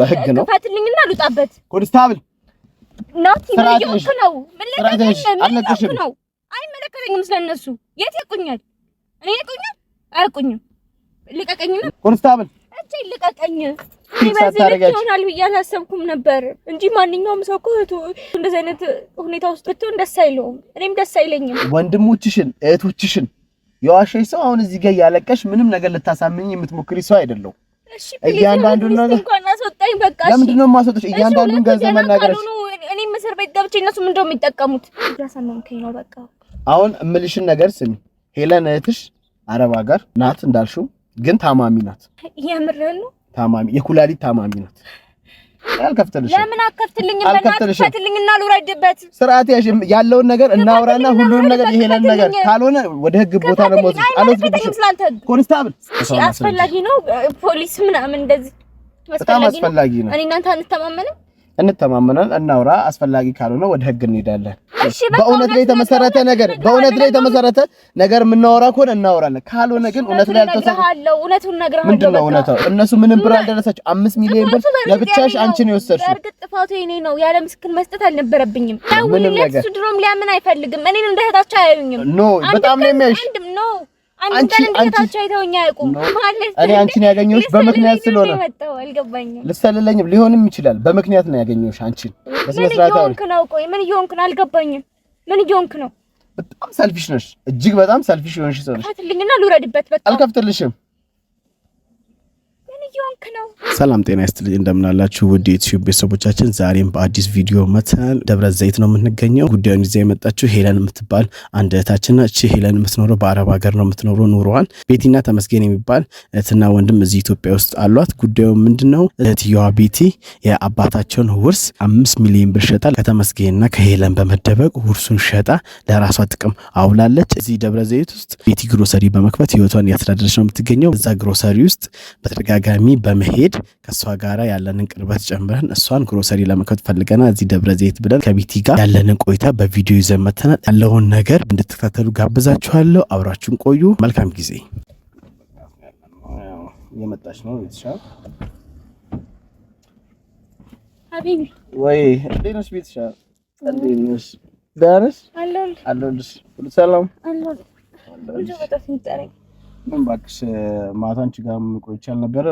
በህግ ነው። ፈትልኝና ልውጣበት። ኮንስታብል ናቲ ልዩክ ነው። ምን ልቀቅሽ ነው? አይመለከተኝም። ስለነሱ የት ያቁኛል? እኔ ያቁኛል? አያቁኝም። ልቀቀኝና ኮንስታብል እቺ ልቀቀኝ። ይሆናል ብዬ አላሰብኩም ነበር እንጂ ማንኛውም ሰው እኮ እህቱ እንደዚህ አይነት ሁኔታ ውስጥ ብትሆን ደስ አይለውም፣ እኔም ደስ አይለኝም። ወንድሞችሽን እህቶችሽን የዋሸሽ ሰው አሁን እዚህ ጋር ያለቀሽ ምንም ነገር ልታሳምኝ የምትሞክሪ ሰው አይደለሁም። እያንዳንዱ ነገር በቃ ለምንድን ነው የማስወጡሽ? እያንዳንዱን ገንዘብ መናገርሽ እስር ቤት ገብቼ እነሱ ምንድን ነው የሚጠቀሙት? እያሳመምከኝ ነው። በቃ አሁን እምልሽን ነገር ስሚ። ሄለን እህትሽ አረብ ሀገር ናት እንዳልሽው፣ ግን ታማሚ ናት። የምርህን ነው? ታማሚ የኩላሊት ታማሚ ናት። አልከፍትልሽም። ለምን አከፍትልኝም? አልከፍትልኝና ስርዓት ያሽ ያለውን ነገር እናውራና ሁሉን ነገር የሄለን ነገር ካልሆነ ወደ ህግ ቦታ ነው የምወስድሽ። አልወስድሽም። ኮንስታብል አስፈላጊ ነው ፖሊስ ምናምን እንደዚህ በጣም አስፈላጊ ነው። እኔ እናንተ አንተማመንም እንተማመናል እናውራ። አስፈላጊ ካልሆነ ወደ ህግ እንሄዳለን። በእውነት ላይ የተመሰረተ ነገር በእውነት ላይ የተመሰረተ ነገር የምናወራ ከሆነ እናወራለን። ካልሆነ ግን እውነት ላይ ያልተሰራው እውነቱን እነግርሃለሁ። ምንድን ነው እውነታው? እነሱ ምንም ብር አልደረሳችሁም። አምስት ሚሊዮን ብር ለብቻሽ አንቺ ነው የወሰድሽው። በእርግጥ ጥፋቱ የእኔ ነው። ያለ ምስክር መስጠት አልነበረብኝም። ምንም ነገር እሱ ድሮም ሊያምን አይፈልግም። እኔን እንደ እህታቸው አያዩኝም። ኖ በጣም ነው የሚያይሽ ኖ እኔ አንቺን ያገኘሁሽ በምክንያት ስለሆነ ልትሰልለኝም ሊሆንም ይችላል። በምክንያት ነው ያገኘሁሽ አንቺን። ምን እየሆንክ ነው? ቆይ ምን እየሆንክ ነው? አልገባኝም። ምን እየሆንክ ነው? በጣም ሰልፊሽ ነሽ። እጅግ በጣም ሰልፊሽ የሆንሽ ሰው ነሽ። አልከፍትልሽም እየሆንክ ነው? ሰላም ጤና ይስጥልኝ እንደምናላችሁ ውድ ዩትዩብ ቤተሰቦቻችን፣ ዛሬም በአዲስ ቪዲዮ መተን ደብረ ዘይት ነው የምንገኘው። ጉዳዩን ይዛ የመጣችው ሄለን የምትባል አንድ እህታችን ናት። እቺ ሄለን የምትኖረው በአረብ ሀገር ነው የምትኖረው ኑሮዋን። ቤቲና ተመስገን የሚባል እህትና ወንድም እዚህ ኢትዮጵያ ውስጥ አሏት። ጉዳዩ ምንድን ነው? እህትየዋ ቤቲ የአባታቸውን ውርስ አምስት ሚሊዮን ብር ሸጣ ከተመስገንና ከሄለን በመደበቅ ውርሱን ሸጣ ለራሷ ጥቅም አውላለች። እዚህ ደብረ ዘይት ውስጥ ቤቲ ግሮሰሪ በመክፈት ህይወቷን እያስተዳደረች ነው የምትገኘው። እዛ ግሮሰሪ ውስጥ በተደጋጋሚ አጋጣሚ በመሄድ ከእሷ ጋር ያለንን ቅርበት ጨምረን እሷን ግሮሰሪ ለመክፈት ፈልገናል እዚህ ደብረ ዘይት ብለን ከቢቲ ጋር ያለንን ቆይታ በቪዲዮ ይዘን መተናል። ያለውን ነገር እንድትከታተሉ ጋብዛችኋለሁ። አብራችሁን ቆዩ። መልካም ጊዜ። እየመጣች ነው ቤተሻል ወይ እንዴት ነሽ? ቤተሻል እንዴት ነሽ? ደህና ነሽ? አለሁልሽ። ሁሉ ሰላም ምን እባክሽ ማታ አንቺ ጋር ቆይቼ አልነበረ?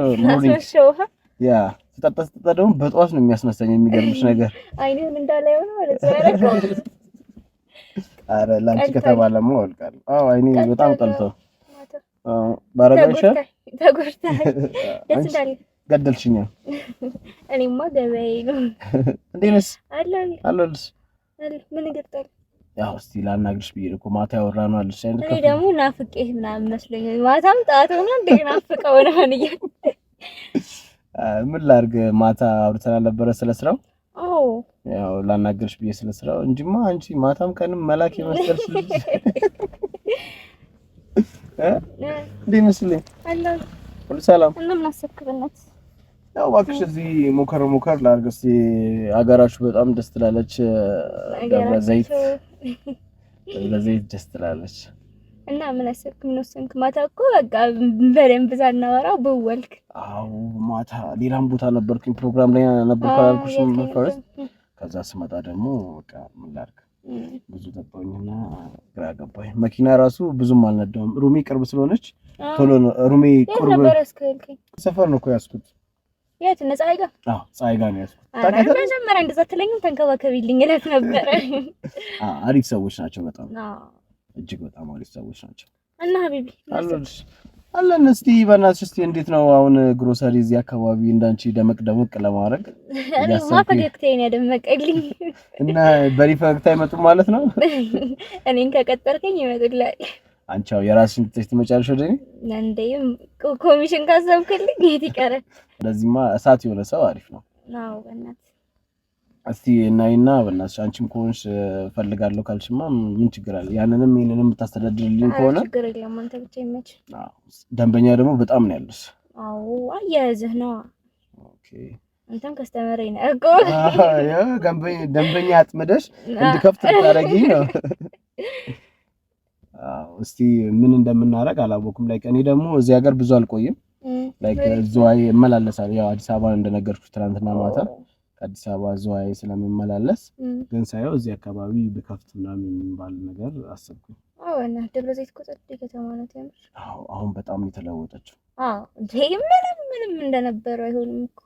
ያ ስጠጣ ስጠጣ ደግሞ በጠዋት ነው የሚያስነሳኝ። የሚገርምሽ ነገር አይኔም እንዳላይ ሆነ አዎ አይኔ በጣም ቀልቶ ባረጋሽ ተጎድታ እኔማ ገበያዬ ነው። እንዴት ነሽ? አለሁልሽ። ምን ገጠል ያው እስቲ ላናግርሽ ብዬ እኮ ማታ ያወራነው አለ። እኔ ደግሞ ናፍቄ ምናምን መስሎኝ ማታም ጠዋት ሆነ እንደ ናፍቀው ምናምን እያለ ምን ላድርግ፣ ማታ አውርተን አልነበረ ስለ ስራው። አዎ ያው ላናግርሽ ብዬ ስለ ስራው እንጂማ አንቺ ማታም ቀንም መላክ የመሰልሽ እንደ ይመስለኝ። ሁሉ ሰላም እና ምን ያው እባክሽ እዚህ ሞከር ሞከር ላድርግ እስቲ። አገራችሁ በጣም ደስ ትላለች ደብረ ዘይት ስለዚህ ደስ ትላለች። እና ምን አሰብክ? ምን ወሰንክ? ማታ እኮ በቃ በደንብ እናወራው ብወልክ። አዎ ማታ ሌላም ቦታ ነበርኩኝ ፕሮግራም ላይ ነበርኩ አላልኩሽም? ፈረስ ከዛ ስመጣ ደግሞ በቃ ምን ላድርግ ብዙ ጠጣሁኝና ግራ ገባኝ። መኪና ራሱ ብዙም አልነዳውም። ሩሜ ቅርብ ስለሆነች ቶሎ ነው ሩሜ ቅርብ ሰፈር ነው እኮ ያስኩት የት እነ ፀሐይ ጋር? አዎ ፀሐይ ጋር ነው ያዝኩት። ታውቂያለሽ መጀመሪያ እንደዛ ትለኝም ተንከባከቢልኝ እላት ነበረ። አዎ አሪፍ ሰዎች ናቸው በጣም እጅግ በጣም አሪፍ ሰዎች ናቸው። እና ሀቢቢ አለን። እስቲ በእናትሽ እስቲ እንዴት ነው አሁን ግሮሰሪ እዚህ አካባቢ እንዳንቺ ደመቅ ደመቅ ለማድረግ እኔማ ፈገግታዬን ያደመቀልኝ እና በእኔ ፈገግታ አይመጡም ማለት ነው። እኔን ከቀጠርከኝ ይመጡላል። አንቺ ያው የራስሽን ብትሽ ትመጫለሽ ወደ እኔ እንደም ኮሚሽን ካሰብክልኝ የት ይቀራል። ለዚህማ እሳት የሆነ ሰው አሪፍ ነው። አዎ በእናትህ እስቲ እናይና በእናትሽ አንቺም ከሆንሽ ፈልጋለሁ ካልሽማ ምን ችግር አለ? ያንንም ይሄንንም የምታስተዳድርልኝ ከሆነ ችግር የለም። አንተ ብቻ ይመች። አዎ ደንበኛ ደግሞ በጣም ነው ያለሽ። አዎ አያያዝህ ነው። ኦኬ አንተም ከስተመር ነህ እኮ ደንበኛ አጥምደሽ እንድከፍት ታደርጊ ነው እስቲ ምን እንደምናደርግ አላወኩም። ላይክ እኔ ደግሞ እዚህ ሀገር ብዙ አልቆይም። ላይክ ዝዋይ እመላለሳለሁ። ያው አዲስ አበባ እንደነገርኩ ትናንትና ማታ ከአዲስ አበባ ዝዋይ ስለምመላለስ ግን ሳየው እዚህ አካባቢ ብከፍት ምናምን የሚባል ነገር አሰብኩኝ። እና ደብረ ዘይት እኮ ጸጥ ከተማ ናት። አሁን በጣም የተለወጠችው ምንም ምንም እንደነበረው አይሆንም እኮ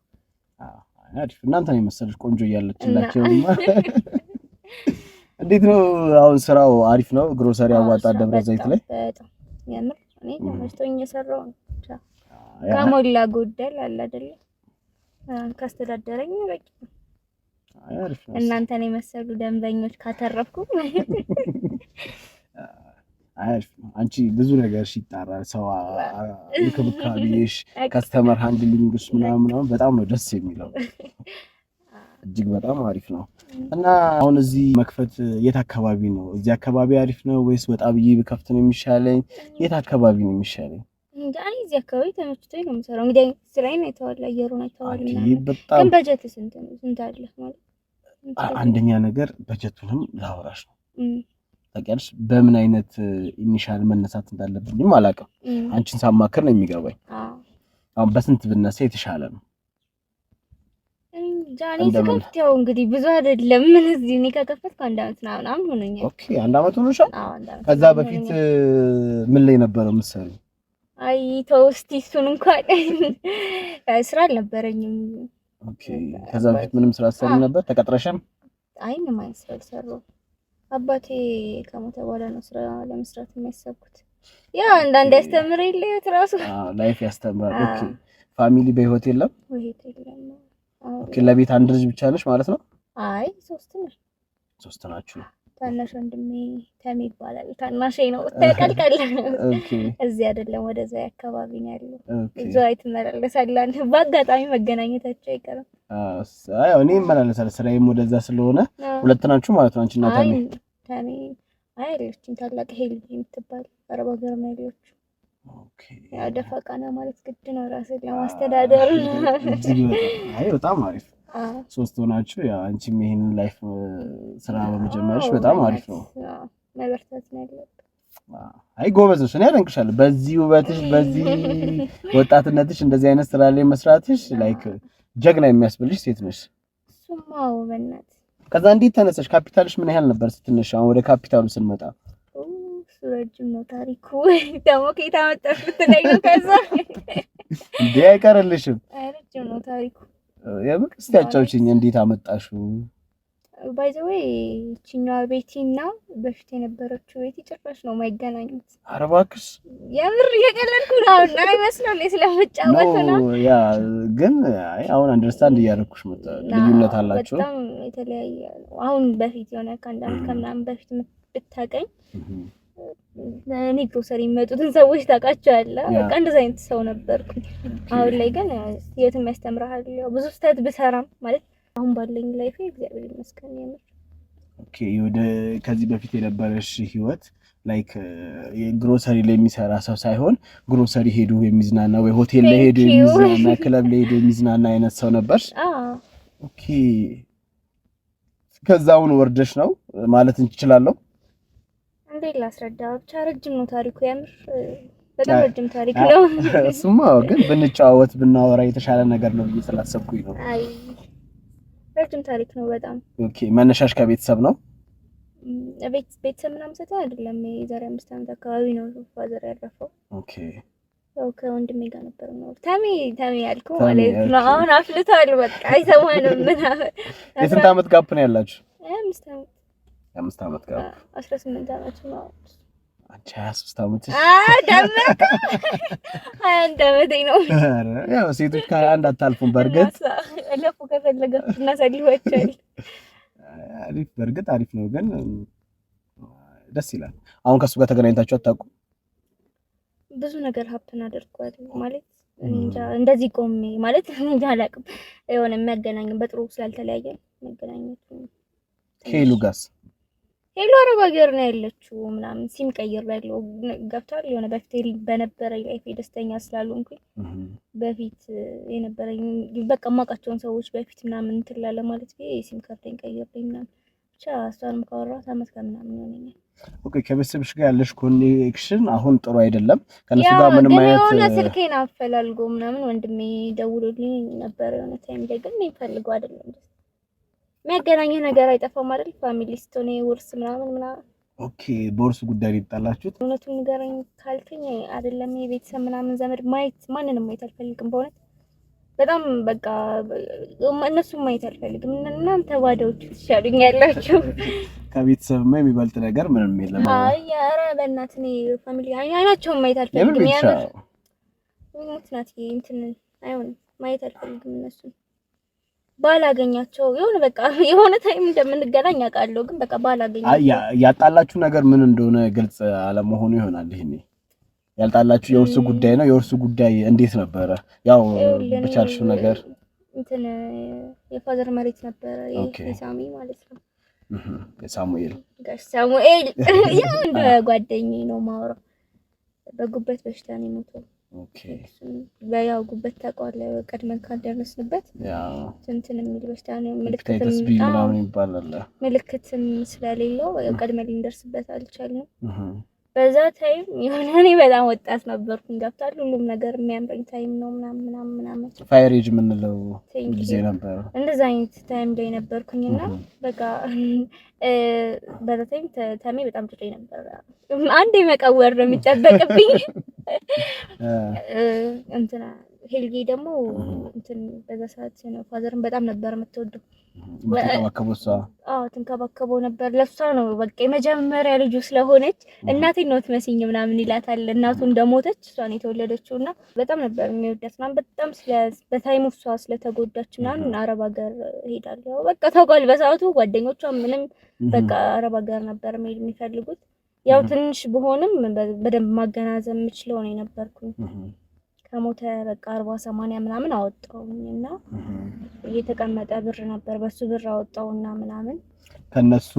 እናንተ ነው የመሰለች ቆንጆ እያለችላቸው እንዴት ነው አሁን ስራው? አሪፍ ነው። ግሮሰሪ አዋጣ ደብረ ዘይት ላይ ከሞላ ጎደል አለ አይደለ ካስተዳደረኝ በቂ እናንተን የመሰሉ ደንበኞች ካተረፍኩ አንቺ ብዙ ነገር ይጣራል። ሰው እንክብካቤሽ፣ ከስተመር ሃንድሊንግሽ ምናምን ምናምን በጣም ነው ደስ የሚለው። እጅግ በጣም አሪፍ ነው እና አሁን እዚህ መክፈት የት አካባቢ ነው? እዚህ አካባቢ አሪፍ ነው ወይስ ወጣ ብዬ ብከፍት ነው የሚሻለኝ? የት አካባቢ ነው የሚሻለኝ? እኔ እዚህ አካባቢ ተመችቶኝ ነው የምሰራው። እንግዲህ ስራዬን አይተዋል፣ አየሩን አይተዋል። ግን በጀት ስንት ነው? ስንት አለ ማለት አንደኛ ነገር በጀቱንም ላወራሽ ነው ታውቂያለሽ። በምን አይነት ኢኒሻል መነሳት እንዳለብኝም አላውቅም። አንቺን ሳማክር ነው የሚገባኝ። አሁን በስንት ብነሳ የተሻለ ነው? ጃኒ ስከፍት ያው እንግዲህ ብዙ አይደለም። ምን እዚህ እኔ ከከፈትኩ አንድ ምናምን ኦኬ አንድ ሆኖሻል። ከዛ በፊት ምን ላይ ነበረ ምሳሌ? አይ ተው እስቲ እሱን እንኳን ስራ አልነበረኝም። ኦኬ ከዛ በፊት ምንም ስራ ሰሩ ነበር? አይ ምንም አይነት ስራ አልሰራሁም። አባቴ ከሞተ በኋላ ነው ስራ ለመስራት የሚያሰብኩት። ያ አንዳንድ ያስተምር የለ እራሱ ላይፍ ያስተምራል። ኦኬ በህይወት የለም ለቤት አንድ ልጅ ብቻ ነሽ ማለት ነው? አይ ሶስት ነን። ሶስት ናችሁ። ታናሽ ወንድሜ ተሜ ይባላል። ታናሽ ነው። ተቀልቀል እዚህ አይደለም ወደዛ አካባቢ ነው ያለው። እዛ ይትመላለሳለን። በአጋጣሚ መገናኘታቸው አይቀርም። አይ እኔ እመላለሳለሁ፣ ስራዬም ወደዛ ስለሆነ ሁለት ናችሁ ማለት ነው። አንቺና ተሜ ተሜ አይ ልጅ ታላቅ ሄል የምትባል አረብ ሀገር ነው ያለችው ያው ደፋ ቀና ማለት ግድ ነው ራስን ለማስተዳደር። አይ በጣም አሪፍ ሶስት ሆናችሁ ያው አንቺም ይሄንን ላይፍ ስራ በመጀመርሽ በጣም አሪፍ ነው። መበርታት ነው ያለብህ። አይ ጎበዝ ነሽ፣ እኔ አደንቅሻለሁ። በዚህ ውበትሽ፣ በዚህ ወጣትነትሽ እንደዚህ አይነት ስራ ላይ መስራትሽ ላይክ ጀግና የሚያስብልሽ ሴት ነሽ። እሱማ በእናትህ ከዛ እንዴት ተነሳሽ? ካፒታልሽ ምን ያህል ነበር ስትነሽ? አሁን ወደ ካፒታሉ ስንመጣ እሱ ረጅም ነው ታሪኩ። ደግሞ ከየት አመጣሽው ነው? ከዛ እንዲ አይቀርልሽም። ረጅም ነው ታሪኩ። የምር እስኪ አጫውችኝ፣ እንዴት አመጣሽው? ባይ ዘ ዌይ ይችኛዋ ቤቲ እና በፊት የነበረችው ቤቲ ጭራሽ ነው የማይገናኙት። ኧረ እባክሽ የምር እየቀለድኩ ነው። እና ይመስላል ስለምጫወት ነው ያ። ግን አይ አሁን አንደርስታንድ እያደረኩሽ መጣ። ልዩነት አላቸው በጣም የተለያየ። አሁን በፊት የሆነ ከአንድ ከምናምን በፊት ብታገኝ እኔ ግሮሰሪ የሚመጡትን ሰዎች ታውቃቸዋለህ። በቃ እንደዚ አይነት ሰው ነበርኩኝ። አሁን ላይ ግን የትም ያስተምርሃል። ብዙ ስህተት ብሰራም ማለት አሁን ባለኝ ላይፍ እግዚአብሔር ይመስገን የምር ወደ ከዚህ በፊት የነበረሽ ህይወት ላይክ ግሮሰሪ ላይ የሚሰራ ሰው ሳይሆን ግሮሰሪ ሄዱ የሚዝናና ወይ ሆቴል ላይ ሄዱ የሚዝናና ክለብ ላይ ሄዱ የሚዝናና አይነት ሰው ነበርሽ። ኦኬ ከዛውን ወርደሽ ነው ማለት እንችላለሁ። እንዴት ላስረዳ? ብቻ ረጅም ነው ታሪኩ። ያምር በጣም ረጅም ታሪክ ነው። እሱማ ግን ብንጫወት ብናወራ የተሻለ ነገር ነው ብዬ ስላሰብኩኝ ነው። ረጅም ታሪክ ነው በጣም። ኦኬ መነሻሽ ከቤተሰብ ነው? ቤተሰብ ምናምን ሰተህ አይደለም። የዛሬ አምስት ዓመት አካባቢ ነው ፋዘር ያረፈው። ኦኬ ያው ከወንድሜ ጋር ነበር ነው። ታሜ ታሜ ያልኩህ ማለት ነው። አሁን አፍልቷል። በቃ አይሰማንም ምናምን። የስንት ዓመት ጋፕ ነው ያላችሁ? አምስት ዓመት የአምስት ዓመት ጋር አስራ ስምንት ዓመት ነው። አንቺ ሀያ ሶስት ዓመት ሀያ አንድ ዓመቴ ነው። ያው ሴቶች ከሀያ አንድ አታልፉም። በእርግጥ ለፉ ከፈለገ እናሳልፋቸዋል። አሪፍ በእርግጥ አሪፍ ነው፣ ግን ደስ ይላል። አሁን ከእሱ ጋር ተገናኝታችሁ አታውቁም? ብዙ ነገር ሀብትን አድርጓል ማለት እንደዚህ ቆሜ ማለት እንጃ አላውቅም። የሆነ የሚያገናኝም በጥሩ ስላልተለያየ መገናኘት ከሄሉ ጋርስ ሄሎ አረብ ሀገር ነው ያለችው ምናምን ሲም ቀይር ያለው ገብቷል። የሆነ በፊት በነበረ ላይፍ ደስተኛ ስላልሆንኩኝ በፊት የነበረኝ በቃ የማውቃቸውን ሰዎች በፊት ምናምን እንትን ላለ ማለት ሲም ካርቴን ቀይርልኝ ምናምን ብቻ እሷንም ካወራኋት አመት ከምናምን ይሆነኛል። ኦኬ ከቤተሰብሽ ጋር ያለሽ ኮኔክሽን አሁን ጥሩ አይደለም። ከነሱ ጋር ምንም አይነት የሆነ ስልኬን አፈላልጎ ምናምን ወንድሜ ደውሎልኝ ነበር የሆነ ታይም ላይ ግን እኔ ፈልገው አይደለም የሚያገናኘህ ነገር አይጠፋም አይደል? ፋሚሊ ስትሆን ውርስ ምናምን ምናምን። ኦኬ፣ በውርስ ጉዳይ ነው የተጣላችሁት? እውነቱን ንገረኝ ካልከኝ አይደለም የቤተሰብ ምናምን ዘመድ ማየት ማንንም ማየት አልፈልግም በእውነት በጣም በቃ እነሱም ማየት አልፈልግም። እናንተ ባዶዎቹ ትሻሉኝ ያላችሁ ከቤተሰብማ የሚበልጥ ነገር ምንም የለም። አይ ኧረ በእናትህ ፋሚሊ አይናቸውን ማየት አልፈልግም። ያሉት ሙት ናት እንትን አይሆንም። ማየት አልፈልግም እነሱም ባላገኛቸው የሆነ በቃ የሆነ ታይም እንደምንገናኝ አውቃለሁ፣ ግን በቃ ባላገኛቸው ያጣላችሁ ነገር ምን እንደሆነ ግልጽ አለመሆኑ ይሆናል። ይሄኔ ያልጣላችሁ የእርሱ ጉዳይ ነው። የእርሱ ጉዳይ እንዴት ነበረ? ያው ብቻልሽው ነገር እንትን የፋዘር መሬት ነበረ የሳሚ ማለት ነው የሳሙኤል ጋሽ ሳሙኤል ያው እንደ ጓደኛዬ ነው የማወራው። በጉበት በሽታ ነው የሞተው በያውጉበት ጉበት ታውቀዋለህ፣ ቀድመን ካልደረስንበት እንትን የሚል በሽታ ነው። ምልክትም ስለሌለው ቀድመን ልንደርስበት አልቻልንም። በዛ ታይም የሆነ እኔ በጣም ወጣት ነበርኩኝ። ገብቷል። ሁሉም ነገር የሚያምረኝ ታይም ነው ምናምን ምናምን ምናምን ፋየር ኤጅ የምንለው ጊዜ ነበረ። እንደዛ አይነት ታይም ላይ ነበርኩኝ እና በቃ በዛ ታይም ታሜ በጣም ጥሩ ነበረ። አንዴ መቀወር ነው የሚጠበቅብኝ እንትና ሄልጌ ደግሞ እንትን በዛ ሰዓት ነው ፋዘርን በጣም ነበር የምትወደው። ትንከባከበው ነበር። ለሷ ነው በቃ የመጀመሪያ ልጁ ስለሆነች እናቴን ነው ትመስኝ ምናምን ይላታል። እናቱ እንደሞተች እሷን የተወለደችው እና በጣም ነበር የሚወዳት ምናምን። በጣም በታይሙ እሷ ስለተጎዳች ምናምን አረብ ሀገር ሄዳለሁ በቃ ታውቋል። በሰዓቱ ጓደኞቿ ምንም በቃ አረብ ሀገር ነበር መሄድ የሚፈልጉት። ያው ትንሽ ብሆንም በደንብ ማገናዘብ የምችለው ነው የነበርኩኝ። ከሞተ በቃ አርባ ሰማንያ ምናምን አወጣውኝ እና እየተቀመጠ ብር ነበር በሱ ብር አወጣውና ምናምን ከነሱ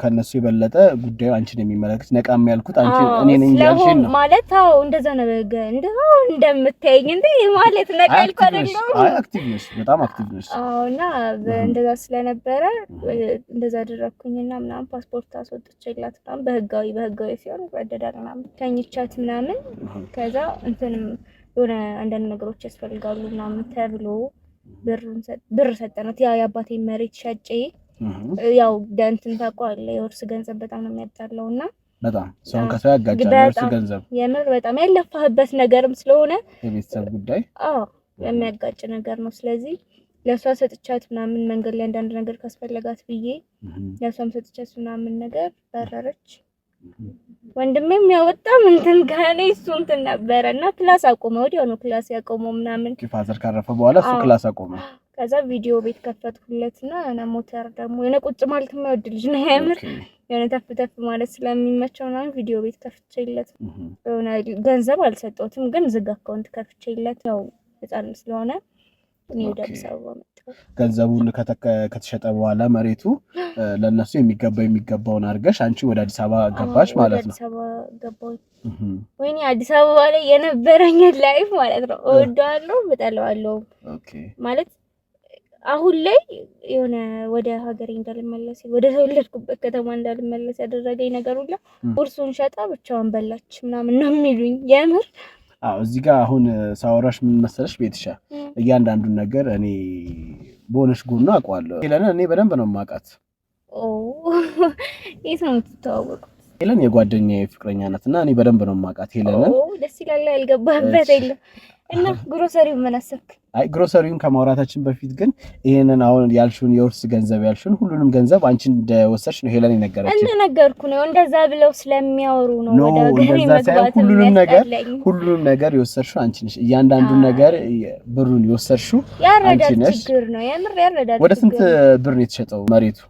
ከነሱ የበለጠ ጉዳዩ አንቺን የሚመለከት ነቃም ያልኩት አንቺ እኔ ነኝ ያልሽ ነው ማለት። አዎ እንደዛ ነው። በገ እንደው እንደምታይኝ እንዴ ማለት ነቃ ያልኳት ነው። አይ አክቲቭ ነሽ፣ በጣም አክቲቭ ነሽ። አዎ እና እንደዛ ስለነበረ እንደዛ አደረኩኝና ምናምን ፓስፖርት አስወጥቼላት ምናምን በህጋዊ በህጋዊ ሲሆን ይወደዳል ምናምን ተኝቻት ምናምን ከዛ እንትንም የሆነ አንዳንድ ነገሮች ያስፈልጋሉ ምናምን ተብሎ ብር ሰጠናት። ያው የአባቴ መሬት ሸጬ ያው ደንትን ታውቀዋለህ፣ የውርስ ገንዘብ በጣም ነው የሚያጣለው እና በጣም ሰውን ከሰው ያጋጫል የውርስ ገንዘብ። የምር በጣም ያለፋህበት ነገርም ስለሆነ የቤተሰብ ጉዳይ የሚያጋጭ ነገር ነው። ስለዚህ ለእሷ ሰጥቻት ምናምን መንገድ ላይ አንዳንድ ነገር ካስፈለጋት ብዬ ለእሷም ሰጥቻት ምናምን ነገር በረረች። ወንድሜም ያው በጣም እንትን ጋኔ እሱ እንትን ነበረ እና ክላስ አቆመ። ወዲያው ነው ክላስ ያቆመው ምናምን ፋዘር ካረፈ በኋላ እሱ ክላስ አቆመ። ከዛ ቪዲዮ ቤት ከፈትኩለት እና የሆነ ሞተር ደግሞ የሆነ ቁጭ ማለት የማይወድ ልጅ ነው ያምር የሆነ ተፍ ተፍ ማለት ስለሚመቸው ምናምን ቪዲዮ ቤት ከፍቼለት የሆነ ገንዘብ አልሰጠሁትም፣ ግን ዝግ አካውንት ከፍቼለት ነው ህፃን ስለሆነ እኔ ወደ አዲስ ገንዘቡን ከተሸጠ በኋላ መሬቱ ለእነሱ የሚገባ የሚገባውን አድርገሽ አንቺ ወደ አዲስ አበባ ገባሽ ማለት ነው። ወይኔ አዲስ አበባ ላይ የነበረኝ ላይፍ ማለት ነው። እወደዋለሁ፣ እጠላዋለሁ ማለት አሁን ላይ የሆነ ወደ ሀገሬ እንዳልመለስ ወደ ተወለድኩበት ከተማ እንዳልመለስ ያደረገኝ ነገር ሁላ ቁርሱን ሸጣ ብቻዋን በላች ምናምን ነው የሚሉኝ የምር አዎ እዚህ ጋር አሁን ሳወራሽ ምን መሰለሽ ቤትሻ እያንዳንዱን ነገር እኔ በሆነሽ ጎኑ አውቀዋለሁ። ሄለን እኔ በደንብ ነው የማውቃት። የት ነው የምትተዋወቁት? ሄለን የጓደኛዬ ፍቅረኛ ናት እና እኔ በደንብ ነው የማውቃት ሄለንን። ደስ ይላል። አልገባህበት የለም እና ግሮሰሪው ምን አሰብክ? አይ ግሮሰሪውን ከማውራታችን በፊት ግን ይሄንን አሁን ያልሽውን የውርስ ገንዘብ ያልሽውን ሁሉንም ገንዘብ አንቺ እንደወሰድሽ ነው ሄለን የነገረችኝ። እንደነገርኩ ነው እንደዛ ብለው ስለሚያወሩ ነው ወደ ሀገር የመግባት ሁሉንም ነገር ሁሉንም ነገር የወሰድሽው አንቺ ነሽ። እያንዳንዱን ነገር ብሩን የወሰድሽው አንቺ ነሽ። ያረዳል ችግር ነው የምር ያረዳል። ወደ ስንት ብር ነው የተሸጠው መሬቱ?